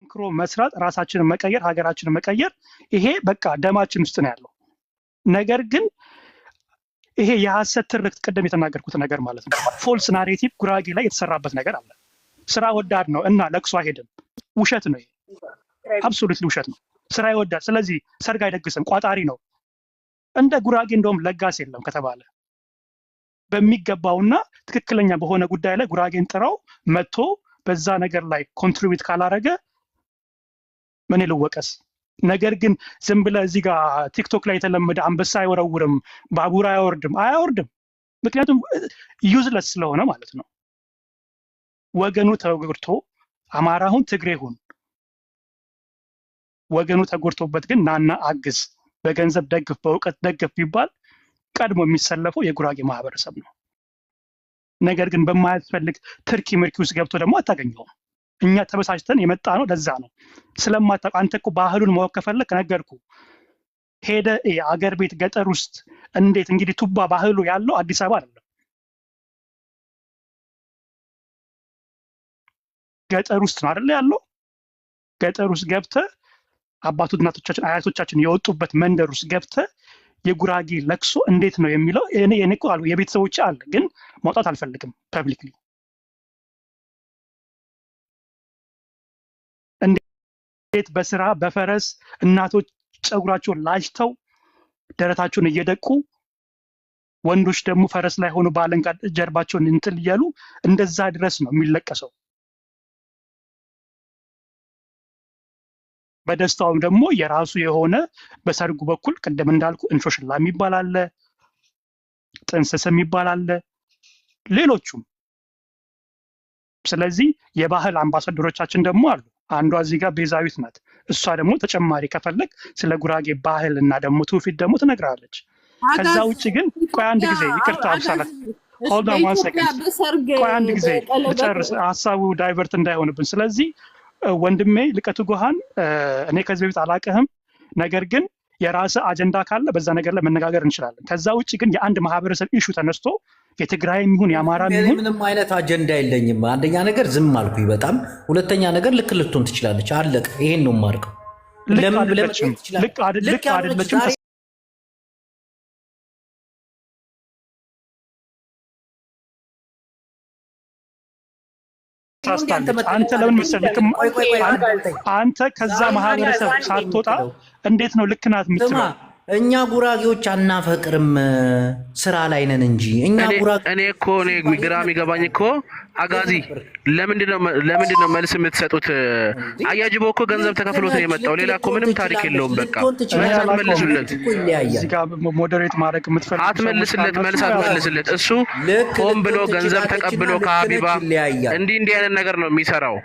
ጠንክሮ መስራት፣ ራሳችንን መቀየር፣ ሀገራችንን መቀየር ይሄ በቃ ደማችን ውስጥ ነው ያለው። ነገር ግን ይሄ የሀሰት ትርክት ቅድም የተናገርኩት ነገር ማለት ነው። ፎልስ ናሬቲቭ ጉራጌ ላይ የተሰራበት ነገር አለ። ስራ ወዳድ ነው እና ለቅሶ አይሄድም። ውሸት ነው አብሶሉትሊ ውሸት ነው። ስራ ይወዳድ፣ ስለዚህ ሰርግ አይደግስም፣ ቋጣሪ ነው። እንደ ጉራጌ እንደውም ለጋስ የለም ከተባለ በሚገባውና ትክክለኛ በሆነ ጉዳይ ላይ ጉራጌን ጥረው መጥቶ በዛ ነገር ላይ ኮንትሪቢዩት ካላረገ ምን ይልወቀስ። ነገር ግን ዝም ብለ እዚህ ጋር ቲክቶክ ላይ የተለመደ አንበሳ አይወረውርም፣ ባቡር አያወርድም አያወርድም። ምክንያቱም ዩዝለስ ስለሆነ ማለት ነው። ወገኑ ተጎድቶ አማራ ሁን ትግሬ ሁን ወገኑ ተጎድቶበት ግን ናና አግዝ፣ በገንዘብ ደግፍ፣ በእውቀት ደግፍ ቢባል ቀድሞ የሚሰለፈው የጉራጌ ማህበረሰብ ነው። ነገር ግን በማያስፈልግ ትርኪ ምርኪ ውስጥ ገብቶ ደግሞ አታገኘውም። እኛ ተበሳጭተን የመጣ ነው። ለዛ ነው ስለማታውቅ አንተ እኮ ባህሉን ማወቅ ከፈለክ ነገርኩ ሄደ አገር ቤት ገጠር ውስጥ እንዴት እንግዲህ ቱባ ባህሉ ያለው አዲስ አበባ አይደለም። ገጠር ውስጥ ነው አይደለ ያለው። ገጠር ውስጥ ገብተ አባቶች እናቶቻችን አያቶቻችን የወጡበት መንደር ውስጥ ገብተ የጉራጌ ለቅሶ እንዴት ነው የሚለው እኔ እኮ አሉ የቤተሰቦች አለ ግን ማውጣት አልፈልግም ፐብሊክሊ በቤት በስራ በፈረስ እናቶች ፀጉራቸውን ላጭተው ደረታቸውን እየደቁ ወንዶች ደግሞ ፈረስ ላይ ሆኑ በአለንጋ ጀርባቸውን እንትል እያሉ እንደዛ ድረስ ነው የሚለቀሰው። በደስታውም ደግሞ የራሱ የሆነ በሰርጉ በኩል ቅድም እንዳልኩ እንሾሽላ የሚባል አለ፣ ጥንስስ የሚባል አለ፣ ሌሎቹም። ስለዚህ የባህል አምባሳደሮቻችን ደግሞ አሉ። አንዷ እዚህ ጋር ቤዛዊት ናት። እሷ ደግሞ ተጨማሪ ከፈለግ ስለ ጉራጌ ባህል እና ደግሞ ትውፊት ደግሞ ትነግራለች። ከዛ ውጭ ግን ቆይ አንድ ጊዜ ይቅርታ አብሳላት አንድ ጊዜ ልጨርስ፣ ሀሳቡ ዳይቨርት እንዳይሆንብን። ስለዚህ ወንድሜ ልቀቱ ጎሃን እኔ ከዚህ በፊት አላቅህም፣ ነገር ግን የራስ አጀንዳ ካለ በዛ ነገር ላይ መነጋገር እንችላለን። ከዛ ውጭ ግን የአንድ ማህበረሰብ ኢሹ ተነስቶ የትግራይ የሚሆን የአማራ የሚሆን ምንም አይነት አጀንዳ የለኝም። አንደኛ ነገር ዝም አልኩ በጣም ሁለተኛ ነገር ልክ ልትሆን ትችላለች። አለቀ። ይሄን ነው ማርቀው። ልክ አይደለችም። አንተ ለምን መሰለህ አንተ ከዛ ማህበረሰብ ሳትወጣ እንዴት ነው ልክ ናት የምትለው? እኛ ጉራጌዎች አናፈቅርም፣ ስራ ላይ ነን እንጂ እኛ እኔ እኮ እኔ ግራ የሚገባኝ እኮ አጋዚ ለምንድን ነው መልስ የምትሰጡት? አያጅቦ እኮ ገንዘብ ተከፍሎት ነው የመጣው። ሌላ እኮ ምንም ታሪክ የለውም። በቃ መልስ አትመልሱለት፣ አትመልስለት፣ መልስ አትመልስለት። እሱ ሆን ብሎ ገንዘብ ተቀብሎ ከሀቢባ እንዲህ እንዲህ አይነት ነገር ነው የሚሰራው።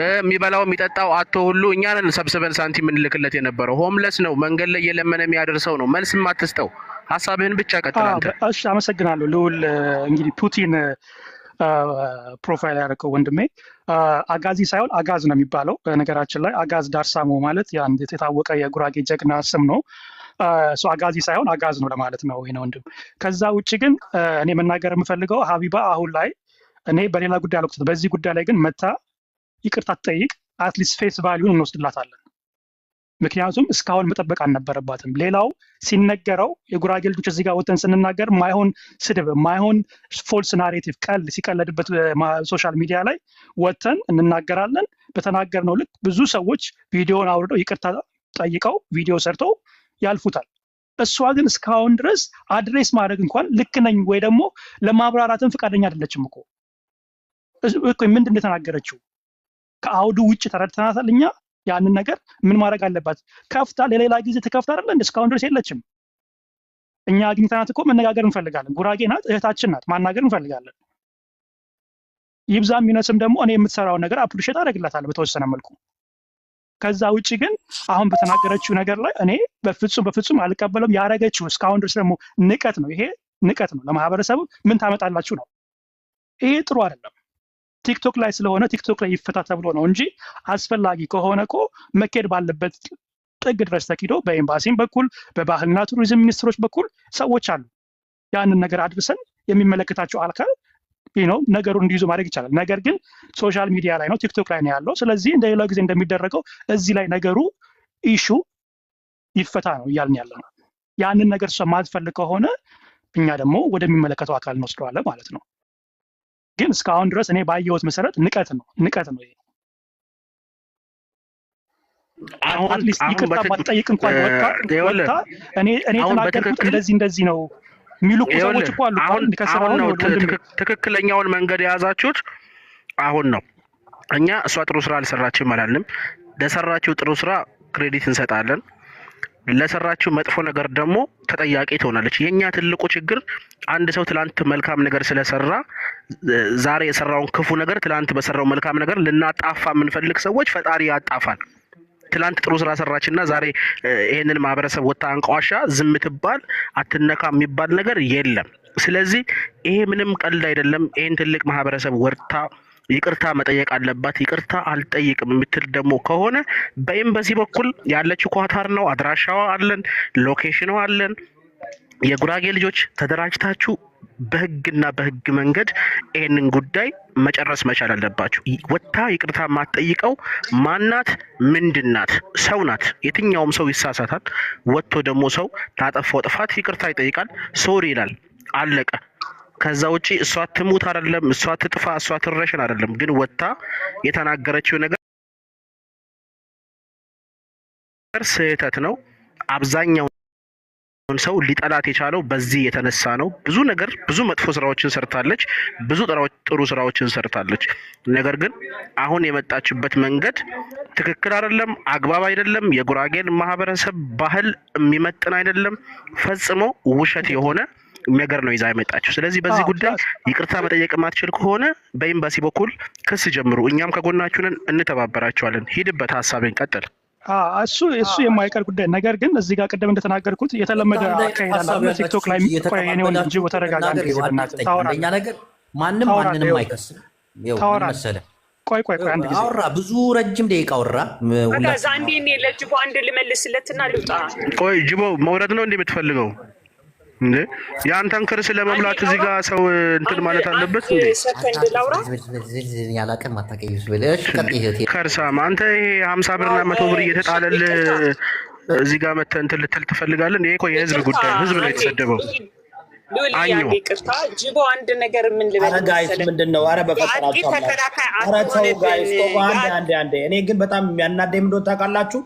የሚበላው የሚጠጣው አቶ ሁሉ እኛንን ሰብስበን ሳንቲም እንልክለት የነበረው ሆምለስ ነው፣ መንገድ ላይ እየለመነ የሚያደርሰው ነው። መልስ አትስጠው፣ ሀሳብህን ብቻ ቀጥል። አመሰግናለሁ ልዑል። እንግዲህ ፑቲን ፕሮፋይል ያደረገው ወንድሜ አጋዚ ሳይሆን አጋዝ ነው የሚባለው። በነገራችን ላይ አጋዝ ዳርሳሞ ማለት የአንድ የታወቀ የጉራጌ ጀግና ስም ነው። አጋዚ ሳይሆን አጋዝ ነው ለማለት ነው ይሄ ወንድም። ከዛ ውጭ ግን እኔ መናገር የምፈልገው ሀቢባ አሁን ላይ እኔ በሌላ ጉዳይ አልኩት፣ በዚህ ጉዳይ ላይ ግን መታ ይቅርታ ትጠይቅ፣ አትሊስት ፌስ ቫሊዩን እንወስድላታለን። ምክንያቱም እስካሁን መጠበቅ አልነበረባትም። ሌላው ሲነገረው የጉራጌ ልጆች እዚህ ጋር ወተን ስንናገር ማይሆን ስድብ፣ ማይሆን ፎልስ ናሬቲቭ ቀል ሲቀለድበት ሶሻል ሚዲያ ላይ ወተን እንናገራለን። ነው ልክ ብዙ ሰዎች ቪዲዮን አውርደው ይቅርታ ጠይቀው ቪዲዮ ሰርተው ያልፉታል። እሷ ግን እስካሁን ድረስ አድሬስ ማድረግ እንኳን ልክ ነኝ ወይ ደግሞ ለማብራራትም ፈቃደኛ አደለችም እኮ ምንድን እንደተናገረችው ከአውዱ ውጭ ተረድተናታል እኛ ያንን ነገር ምን ማድረግ አለባት? ከፍታ ለሌላ ጊዜ ተከፍታ አይደለ እንደ እስካሁን ድረስ የለችም። እኛ አግኝተናት እኮ መነጋገር እንፈልጋለን። ጉራጌ ናት፣ እህታችን ናት፣ ማናገር እንፈልጋለን። ይብዛም ይነስም ደግሞ እኔ የምትሰራውን ነገር አፕሪሼት አደረግላታለሁ በተወሰነ መልኩ። ከዛ ውጭ ግን አሁን በተናገረችው ነገር ላይ እኔ በፍጹም በፍጹም አልቀበለም። ያደረገችው እስካሁን ድረስ ደግሞ ንቀት ነው። ይሄ ንቀት ነው። ለማህበረሰቡ ምን ታመጣላችሁ ነው። ይሄ ጥሩ አይደለም። ቲክቶክ ላይ ስለሆነ ቲክቶክ ላይ ይፈታ ተብሎ ነው እንጂ አስፈላጊ ከሆነ ኮ መካሄድ ባለበት ጥግ ድረስ ተኪዶ በኤምባሲም በኩል በባህልና ቱሪዝም ሚኒስትሮች በኩል ሰዎች አሉ። ያንን ነገር አድርሰን የሚመለከታቸው አካል ነው ነገሩን እንዲይዙ ማድረግ ይቻላል። ነገር ግን ሶሻል ሚዲያ ላይ ነው ቲክቶክ ላይ ነው ያለው። ስለዚህ እንደሌላው ጊዜ እንደሚደረገው እዚህ ላይ ነገሩ ኢሹ ይፈታ ነው እያልን ያለ ነው። ያንን ነገር እሷ ማትፈልግ ከሆነ እኛ ደግሞ ወደሚመለከተው አካል እንወስደዋለን ማለት ነው። ግን እስካሁን ድረስ እኔ ባየሁት መሰረት ንቀት ነው ንቀት ነው። አትሊስት ይቅርታ ባትጠይቅ እንኳን ወጣ እኔ የተናገርኩት እንደዚህ እንደዚህ ነው የሚሉ ሰዎች እኮ አሉ። አሁን ነው ትክክለኛውን መንገድ የያዛችሁት አሁን ነው። እኛ እሷ ጥሩ ስራ አልሰራችም አላልንም። ለሰራችው ጥሩ ስራ ክሬዲት እንሰጣለን። ለሰራችው መጥፎ ነገር ደግሞ ተጠያቂ ትሆናለች። የእኛ ትልቁ ችግር አንድ ሰው ትላንት መልካም ነገር ስለሰራ ዛሬ የሰራውን ክፉ ነገር ትላንት በሰራው መልካም ነገር ልናጣፋ የምንፈልግ ሰዎች ፈጣሪ ያጣፋል። ትላንት ጥሩ ስራ ሰራችና ዛሬ ይህንን ማህበረሰብ ወታ አንቋሻ ዝም ትባል አትነካ የሚባል ነገር የለም። ስለዚህ ይሄ ምንም ቀልድ አይደለም። ይህን ትልቅ ማህበረሰብ ወርታ ይቅርታ መጠየቅ አለባት። ይቅርታ አልጠይቅም የምትል ደግሞ ከሆነ በኤምባሲ በኩል ያለችው ኳታር ነው። አድራሻዋ አለን፣ ሎኬሽኗ አለን። የጉራጌ ልጆች ተደራጅታችሁ በህግና በህግ መንገድ ይህንን ጉዳይ መጨረስ መቻል አለባችሁ። ወታ ይቅርታ የማትጠይቀው ማናት? ምንድናት? ሰው ናት። የትኛውም ሰው ይሳሳታል። ወጥቶ ደግሞ ሰው ላጠፋው ጥፋት ይቅርታ ይጠይቃል፣ ሶሪ ይላል። አለቀ። ከዛ ውጪ እሷ ትሙት አይደለም እሷ ትጥፋ እሷ ትረሽን አይደለም፣ ግን ወጥታ የተናገረችው ነገር ስህተት ነው። አብዛኛውን ሰው ሊጠላት የቻለው በዚህ የተነሳ ነው። ብዙ ነገር ብዙ መጥፎ ስራዎችን ሰርታለች፣ ብዙ ጥሩ ስራዎችን ሰርታለች። ነገር ግን አሁን የመጣችበት መንገድ ትክክል አይደለም፣ አግባብ አይደለም፣ የጉራጌን ማህበረሰብ ባህል የሚመጥን አይደለም፣ ፈጽሞ ውሸት የሆነ ነገር ነው ይዛ የመጣችው። ስለዚህ በዚህ ጉዳይ ይቅርታ መጠየቅ ማትችል ከሆነ በኤምባሲ በኩል ክስ ጀምሩ፣ እኛም ከጎናችሁንን እንተባበራቸዋለን። ሂድበት፣ ሀሳብን ቀጥል። እሱ እሱ የማይቀር ጉዳይ ነገር ግን እዚህ ጋር ቅድም እንደተናገርኩት የተለመደ አካሄዳለ ቲክቶክ ላይ የሚቆየኔውን እንጂ በተረጋጋሚ ታወራለህ ነገር ማንም ማንንም አይከስም። ታወራለህ ቆይ ቆይ ቆይ አንድ ጊዜ አወራ፣ ብዙ ረጅም ደቂቃ አወራ። ሁላ ዛንዴ ለጅቦ አንድ ልመልስለትና ልውጣ። ቆይ ጅቦ መውረድ ነው እንደ የምትፈልገው? እንዴ የአንተን ክርስ ለመሙላት እዚህ ጋር ሰው እንትን ማለት አለበት እንዴ? ከርሳም አንተ ይሄ ሀምሳ ብርና መቶ ብር እየተጣለል እዚህ ጋር መተህ እንትን ልትል ትፈልጋለን? ይሄ እኮ የህዝብ ጉዳይ ህዝብ ነው የተሰደበው። አኘው እኔ ግን በጣም የሚያናደኝ ምንድን ነው ታውቃላችሁ?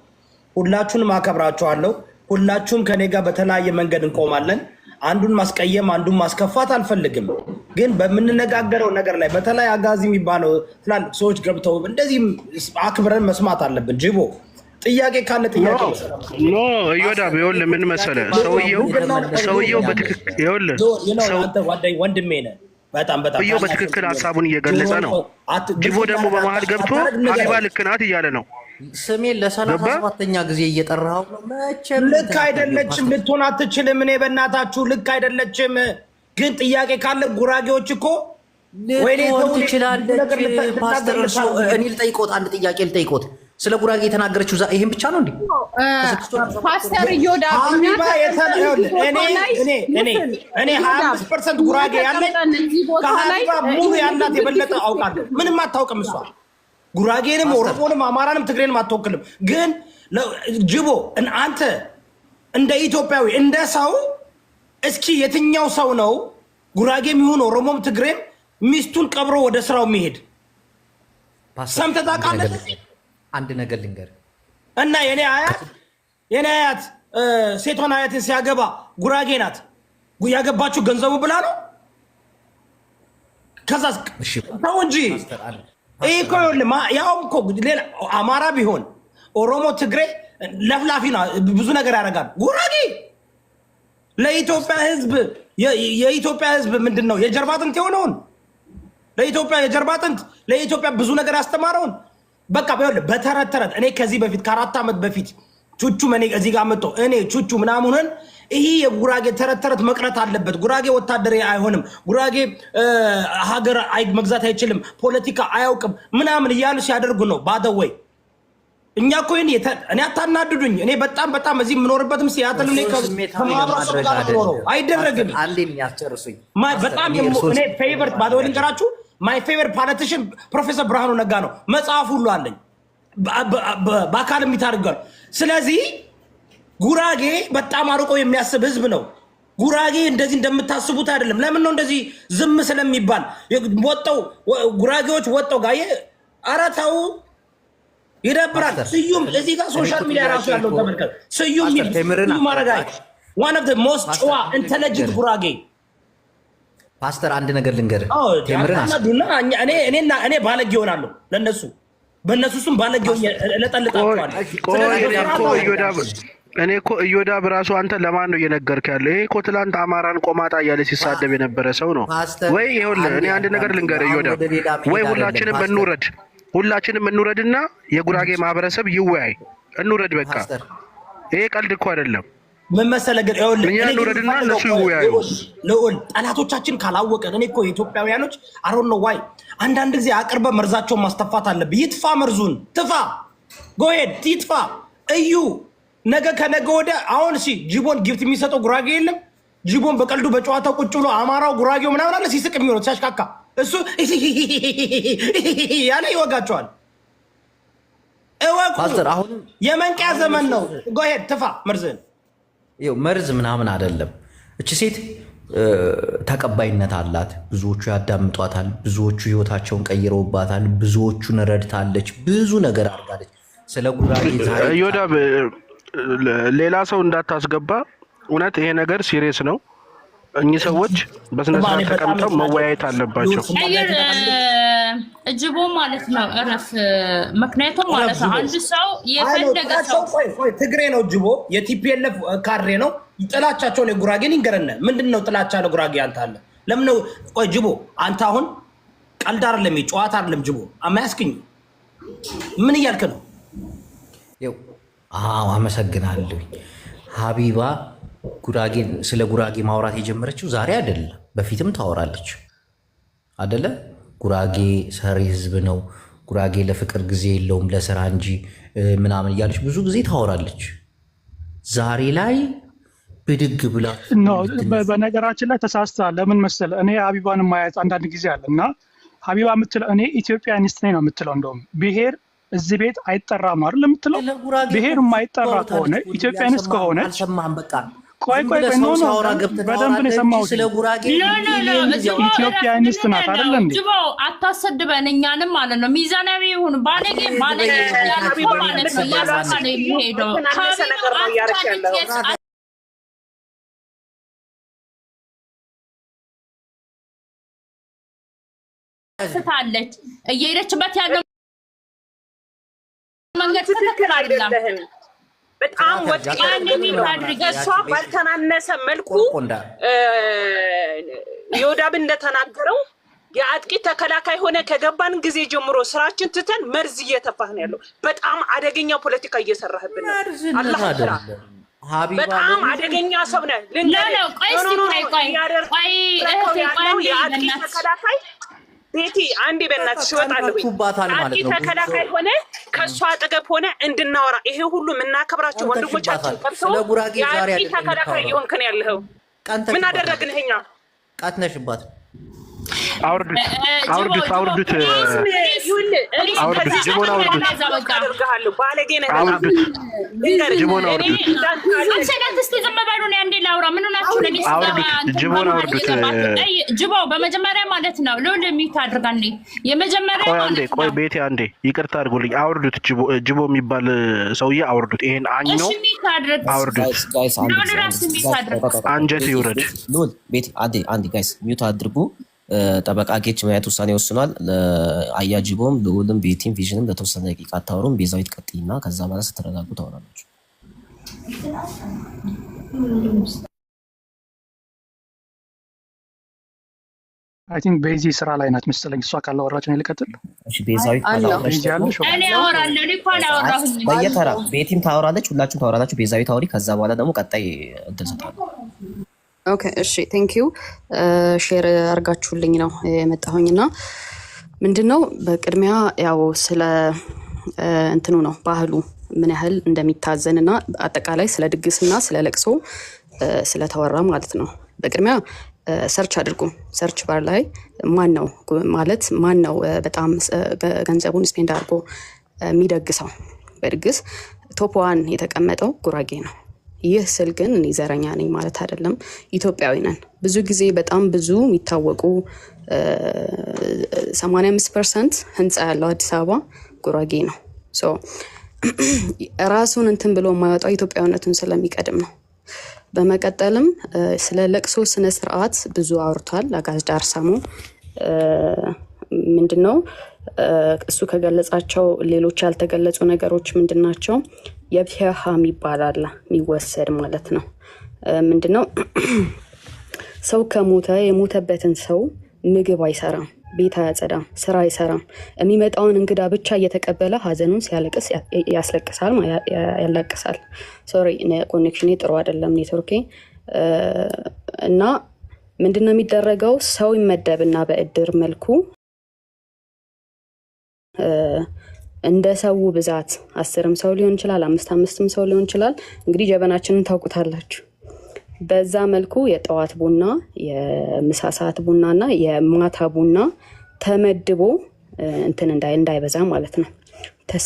ሁላችሁንም አከብራችኋለሁ። ሁላችሁም ከኔ ጋር በተለያየ መንገድ እንቆማለን። አንዱን ማስቀየም አንዱን ማስከፋት አልፈልግም፣ ግን በምንነጋገረው ነገር ላይ በተለይ አጋዚ የሚባለው ትላልቅ ሰዎች ገብተው እንደዚህም አክብረን መስማት አለብን። ጅቦ ጥያቄ ካለ ጥያቄ ኖ እዮዳ ይኸውልህ፣ ምን መሰለህ ሰውየው ሰውየው በትክክል ወንድሜ ነህ በጣም በጣም በትክክል ሀሳቡን እየገለጸ ነው። ጅቦ ደግሞ በመሀል ገብቶ አቢባ ልክ ናት እያለ ነው ስሜን ለሰላሳ ሰባተኛ ጊዜ እየጠራው ነው። ልክ አይደለችም፣ ልትሆን አትችልም። እኔ በእናታችሁ ልክ አይደለችም። ግን ጥያቄ ካለ ጉራጌዎች እኮ ልትሆን ትችላለች። ፓስተር እርሶ እኔ ልጠይቆት አንድ ጥያቄ ልጠይቆት ስለ ጉራጌ የተናገረችው ዛ ይሄን ብቻ ነው እንዴ? ፓስተር እዮዳ እኔ ሀያ አምስት ፐርሰንት ጉራጌ ያለች ከሀያ ሙሉ ያላት የበለጠ አውቃለሁ። ምንም አታውቅም እሷ ጉራጌንም ኦሮሞንም አማራንም ትግሬንም አትወክልም። ግን ጅቦ አንተ እንደ ኢትዮጵያዊ እንደ ሰው እስኪ የትኛው ሰው ነው ጉራጌም ይሁን ኦሮሞም ትግሬም ሚስቱን ቀብሮ ወደ ስራው የሚሄድ ሰምተህ ታውቃለህ? አንድ ነገር ልንገር እና የኔ አያት የኔ አያት ሴቷን አያትን ሲያገባ ጉራጌ ናት ያገባችው ገንዘቡ ብላ ነው። ከዛ ሰው እንጂ ይህ እኮ ያውም እኮ ሌላ አማራ ቢሆን ኦሮሞ፣ ትግሬ ለፍላፊ ብዙ ነገር ያደርጋል። ጉራጌ ለኢትዮጵያ ህዝብ የኢትዮጵያ ህዝብ ምንድን ነው የጀርባ አጥንት የሆነውን ለኢትዮጵያ የጀርባ አጥንት ለኢትዮጵያ ብዙ ነገር ያስተማረውን በቃ በተረት ተረት እኔ ከዚህ በፊት ከአራት ዓመት በፊት ቹቹ መኔ እዚህ ጋር መጥቶ እኔ ቹቹ ምናምንን ይሄ የጉራጌ ተረት ተረት መቅረት አለበት። ጉራጌ ወታደር አይሆንም፣ ጉራጌ ሀገር መግዛት አይችልም፣ ፖለቲካ አያውቅም ምናምን እያሉ ሲያደርጉ ነው። ባደወይ እኛ እኮ እኔ አታናድዱኝ። እኔ በጣም በጣም እዚህ የምኖርበትም ሲያትል ከማህበረሰቡ ጋር ኖረው አይደረግም። በጣም ፌቨርት ባደወይ ልንገራችሁ፣ ማይ ፌቨርት ፖለቲሽን ፕሮፌሰር ብርሃኑ ነጋ ነው። መጽሐፍ ሁሉ አለኝ በአካል የሚታደርጋል። ስለዚህ ጉራጌ በጣም አርቆ የሚያስብ ህዝብ ነው። ጉራጌ እንደዚህ እንደምታስቡት አይደለም። ለምን ነው እንደዚህ ዝም ስለሚባል ወጠው ጉራጌዎች ወጠው ጋየ አረታው ይደብራል። ስዩም እዚህ ጋር ሶሻል ሚዲያ ራሱ ያለው ተመልከት። ስዩም ማረጋ ዋን ኦፍ ሞስት ጨዋ ኢንተለጀንት ጉራጌ ፓስተር፣ አንድ ነገር ልንገርህ። እኔ ባለጌ ይሆናለሁ ለእነሱ በእነሱ ስም ባለጌው እለጠልጣቸዋለሁ። እኔ እኮ እዮዳብ ራሱ አንተ ለማን ነው እየነገርክ ያለው? ይሄ እኮ ትላንት አማራን ቆማጣ እያለ ሲሳደብ የነበረ ሰው ነው ወይ? ይኸውልህ እኔ አንድ ነገር ልንገርህ እዮዳብ፣ ወይ ሁላችንም እንውረድ፣ ሁላችንም እንውረድና የጉራጌ ማህበረሰብ ይወያይ፣ እንውረድ በቃ። ይሄ ቀልድ እኮ አይደለም። ምን መሰለህ ግን ልዑል ጠላቶቻችን ካላወቀን፣ እኔ እኮ የኢትዮጵያውያኖች አሮን ነው ዋይ አንዳንድ ጊዜ አቅርበ መርዛቸውን ማስተፋት አለብህ። ይጥፋ መርዙን ትፋ ጎሄድ ይጥፋ እዩ ነገ ከነገ ወደ አሁን ሲ ጅቦን ጊፍት የሚሰጠው ጉራጌ የለም። ጅቦን በቀልዱ በጨዋታው ቁጭ ብሎ አማራው ጉራጌው ምናምን አለ ሲስቅ የሚሆነው ሲያሽካካ እሱ ያለ ይወጋቸዋል። እወቁ፣ የመንቅያ ዘመን ነው። ጎሄድ ትፋ መርዝህን መርዝ ምናምን አይደለም። እች ሴት ተቀባይነት አላት። ብዙዎቹ ያዳምጧታል። ብዙዎቹ ህይወታቸውን ቀይረውባታል። ብዙዎቹን ረድታለች። ብዙ ነገር አድርጋለች። ስለ ጉራጌ ሌላ ሰው እንዳታስገባ። እውነት ይሄ ነገር ሲሪየስ ነው። እኚህ ሰዎች በስነ ተቀምጠው መወያየት አለባቸው። እጅቦ ማለት ነው እረፍ። ምክንያቱም ማለት ነው አንድ ሰው የፈለገ ሰው ትግሬ ነው እጅቦ የቲፒኤልኤፍ ካሬ ነው። ጥላቻቸው ለጉራጌን ይንገረነ ምንድን ነው ጥላቻ ለጉራጌ አንተ አለ ለምን ነው? ቆይ ጅቦ አንተ አሁን ቀልድ አይደለም ጨዋታ አይደለም ጅቦ አማያስክኝ ምን እያልክ ነው? አመሰግናለሁ ሀቢባ ጉራጌን ስለ ጉራጌ ማውራት የጀመረችው ዛሬ አይደለም፣ በፊትም ታወራለች አደለ? ጉራጌ ሰሪ ህዝብ ነው፣ ጉራጌ ለፍቅር ጊዜ የለውም ለስራ እንጂ ምናምን እያለች ብዙ ጊዜ ታወራለች። ዛሬ ላይ ብድግ ብላ በነገራችን ላይ ተሳስታ ለምን መሰለ እኔ ሀቢባን ማያዝ አንዳንድ ጊዜ አለ እና ሀቢባ የምትለው እኔ ኢትዮጵያኒስት ነኝ ነው የምትለው። እንደውም ብሄር እዚህ ቤት አይጠራም አይደል የምትለው። ብሄር የማይጠራ ከሆነ ኢትዮጵያኒስት ከሆነ አልሰማህም በቃ ቆይ ቆይ ቆይ፣ ኖ ኖ፣ በደንብ ነው የሰማሁት። ስለ ጉራጌ ኢትዮጵያ ሚስት ናት አይደለ እንዴ? ጅቦ አታሰድበን፣ እኛንም ማለት ነው። ሚዛናዊ ይሁን። ባለጌ ባለጌ ያለው ማለት ነው። ያሳካ ነው የሚሄደው ስታለች እየሄደችበት ያለው መንገድ ትክክል አይደለም። በጣም ወጣን የሚያድርገ እሷ ባልተናነሰ መልኩ ዮዳብ እንደተናገረው የአጥቂ ተከላካይ ሆነ ከገባን ጊዜ ጀምሮ ስራችን ትተን መርዝ እየተፋህ ነው ያለው። በጣም አደገኛ ፖለቲካ እየሰራህብን ነው። በጣም አደገኛ ሰው ነህ። ልንገርህ፣ ቆይ ቆይ ቆይ፣ የአጥቂ ተከላካይ ቤቲ አንዴ በእናትሽ እወጣለሁኝ። አንዴ ተከላካይ ሆነ ከእሱ አጠገብ ሆነ እንድናወራ ይሄ ሁሉ የምናከብራቸው ወንድሞቻችን ከብቶ የአንዲ ተከላካይ የሆንክን ያለኸው ምን አደረግን? እኛ ቀጥነሽባት አውርዱት፣ አውርዱት፣ አውርዱት፣ አውርዱት፣ ጅቦን አውርዱት፣ ጅቦን አውርዱት። ጅቦ በመጀመሪያ ማለት ነው ልውል የሚት አድርጋን የመጀመሪያ ቆይ፣ ቤቴ አንዴ ይቅርታ አድርጎልኝ፣ አውርዱት፣ ጅቦ የሚባል ሰውዬ አውርዱት፣ ይሄን አኝኖ አውርዱት፣ አንጀት ይውረድ። ቤቴ አንዴ አንዴ ጋይስ ሚውት አድርጉ። ጠበቃ ጌች በአያት ውሳኔ ወስኗል። ለአያጅቦም ልዑልም ቤቲም ቪዥንም ለተወሰነ ደቂቃ አታወሩም። ቤዛዊት ቀጥይና ከዛ በኋላ ስትረጋጉ ታወራላችሁ። አይ ቲንክ ቤዚ ስራ ላይ ናት መሰለኝ። እሷ ካላወራች ነው ልቀጥል። ቤዛዊት በየተራ ቤቲም ታወራለች፣ ሁላችሁም ታወራላችሁ። ቤዛዊ ታወሪ፣ ከዛ በኋላ ደግሞ ቀጣይ እድል ሰጣለሁ ኦኬ እሺ ቴንኪዩ ሼር አድርጋችሁልኝ ነው የመጣሁኝ ና ምንድን ነው በቅድሚያ ያው ስለ እንትኑ ነው ባህሉ ምን ያህል እንደሚታዘን ና አጠቃላይ ስለ ና ስለ ለቅሶ ስለተወራ ማለት ነው። በቅድሚያ ሰርች አድርጉ። ሰርች ባር ላይ ማን ነው ማለት ማን ነው በጣም ገንዘቡን ስፔንድ አድርጎ የሚደግሰው? በድግስ ቶፕ ዋን የተቀመጠው ጉራጌ ነው። ይህ ስል ግን እኔ ዘረኛ ነኝ ማለት አይደለም። ኢትዮጵያዊ ነን። ብዙ ጊዜ በጣም ብዙ የሚታወቁ 85 ፐርሰንት ህንፃ ያለው አዲስ አበባ ጉራጌ ነው። ራሱን እንትን ብሎ የማይወጣው ኢትዮጵያዊነቱን ስለሚቀድም ነው። በመቀጠልም ስለ ለቅሶ ስነ ስርዓት ብዙ አውርቷል አጋዝ ዳርሳሞ ምንድን ነው እሱ ከገለጻቸው ሌሎች ያልተገለጹ ነገሮች ምንድን ናቸው? የብሄሃ ይባላል የሚወሰድ ማለት ነው። ምንድነው? ሰው ከሞተ የሞተበትን ሰው ምግብ አይሰራም፣ ቤት አያጸዳም፣ ስራ አይሰራም። የሚመጣውን እንግዳ ብቻ እየተቀበለ ሀዘኑን ሲያለቅስ ያስለቅሳል፣ ያላቅሳል። ሶሪ ኮኔክሽኔ ጥሩ አይደለም ኔትወርኬ እና ምንድነው የሚደረገው? ሰው ይመደብና በእድር መልኩ እንደ ሰው ብዛት አስርም ሰው ሊሆን ይችላል፣ አምስት አምስትም ሰው ሊሆን ይችላል። እንግዲህ ጀበናችንን ታውቁታላችሁ። በዛ መልኩ የጠዋት ቡና፣ የምሳ ሰዓት ቡና እና የማታ ቡና ተመድቦ እንትን እንዳይበዛ ማለት ነው።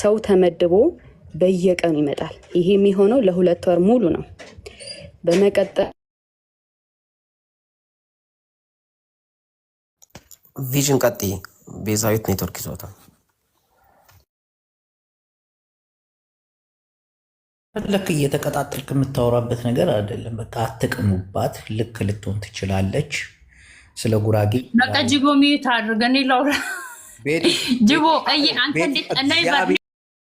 ሰው ተመድቦ በየቀኑ ይመጣል። ይሄ የሚሆነው ለሁለት ወር ሙሉ ነው። በመቀጠል ቪዥን ቀጥይ ቤዛዊት ኔትወርክ ይዞታል። ፈለክ እየተቀጣጠልክ የምታወራበት ነገር አይደለም። በቃ አትቅሙባት። ልክ ልትሆን ትችላለች። ስለ ጉራጌ በቃ ጅቦ ሚዩት አድርገን ይላውራ ጅቦ አንተ እንዴት